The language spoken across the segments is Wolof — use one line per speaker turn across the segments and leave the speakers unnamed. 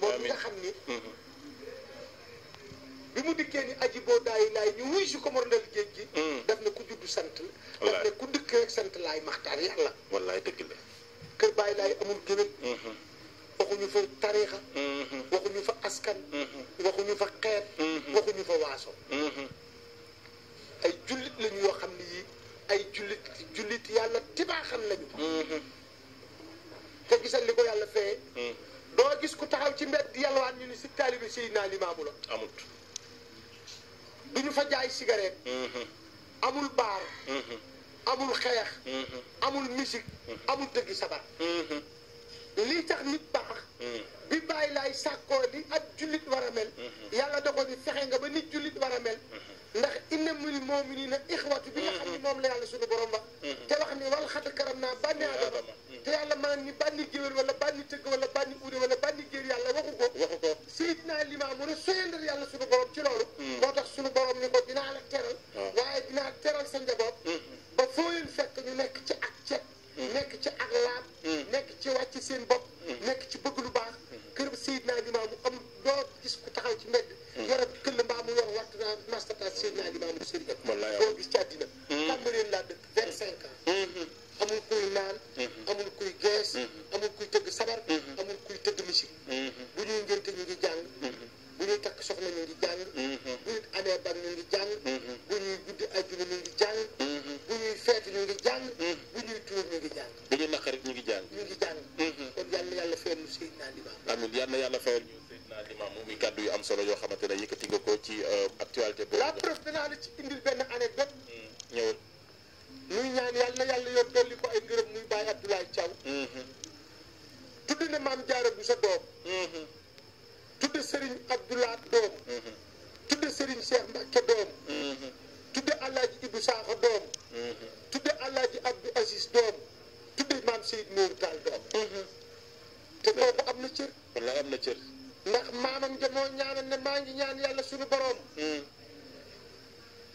moom mi nga xam ni bi mu dikkee ni aji boo daay laay ñu wuy si ko morndal géej gi mm. daf ne ku juddu sant la daf ne ku dëkk rek sant laay maxtaar yàlla wallaay kër bàyyi laay amul géwél mm-hmm. waxuñu fa tariixa mm-hmm. waxuñu fa askan mm-hmm. waxuñu fa xeet waxuñu fa waaso ay jullit lañu yoo xam ni ay jullit jullit yàlla tibaa xam lañu te gisal li ko yàlla fee mm. doo gis ku taxaw ci mbedd yalwaan ñu ni si taalibe Seydina Limaamu la amut du ñu fa jaay cigarette amul baar amul xeex amul musique amul dëggi sabar lii tax nit baax bi bàyyi laay sàkkoo li ab jullit war a mel yàlla da ko ni fexe nga ba nit jullit war a mel ndax innamal mu'minina ixwatu bi nga xam ne moom la yàlla suñu borom wax te wax ni wal xat karam naa bànnee bandi géwél wala bandi tëgg wala bandi uude wala bandi géer yàlla waxu ko waxu ko Seydina Limaam mu ne soyandal yàlla suñu borom ci loolu moo tax suñu borom ni ko dinaa la teral waaye dinaa teral sa njaboot ba foo fekk ñu nekk ci ak cet nekk ci ak laab nekk ci wàcc seen bopp nekk ci bëgg lu baax kër Seydina Limaam mu am doo gis ku taxaw ci mbedd yore këll mbaa mu yor wattu naa mastata Seydina Limaam mu sëriñ boo gis ci àddina tàmbaleen laa dëkk vingt cinq ans amul kuy naan jàng mm-hmm. bu ñuy guddi ajjuma mm-hmm. ñu mm-hmm. ngi jàng bu ñuy feet ñu ngi jàng bu ñuy tuur ñu ngi jàng bu ñuy naqarit ñu ngi jàng ñu ngi jàng kon yal na na yàlla fayal ñu Seydina Limam mu muy kàddu yu am solo yoo xamante ne yëkkati nga ko ci euh, actualité boobu la preuve danaa la ci indil benn anecdote ñëwal muy ñaan yal na yàlla yor dolli ko ay ngërëm muy bàyyi Abdoulaye Thiaw tudd na maam jaara bu sa doom tudd Serigne Abdoulaye doom Serigne Cheikh Mbacke doom tudde Alaaji Ibou Sakho doom tudde Alaaji Abdou Aziz doom tudde Maam Seyd Nourou Tall doom te boobu am na cër wallaahi am na cër ndax maamam ja moo ne maa ngi ñaan yàlla suñu boroom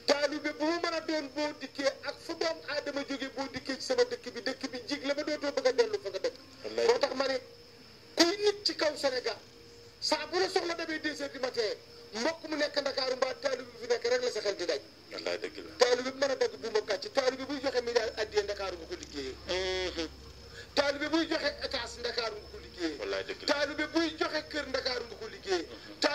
taalibe bu mu mën a doon boo dikkee ak fu doom aadama jógee boo dikkee ci sama dëkk bi dëkk bi jig la ba dootoo bëgg a dellu fa nga dëkk moo tax kuy nit ci kaw Sénégal saa bu la soxla demee deux heures mbokk mu nekk Ndakaaru mbaa taalibe bu fi nekk rek la sa xel di daj. wallaay dëgg la taalibe bi mën a dagg bu ma gàcc taalibe buy joxe milliard addiyee Ndakaaru nga ko liggéeyee. Mhm. taalibe buy joxe étage Ndakaaru nga ko liggéeyee. wallaay dëgg la taalibe buy joxe kër Ndakaaru nga ko liggéeyee. Mhm.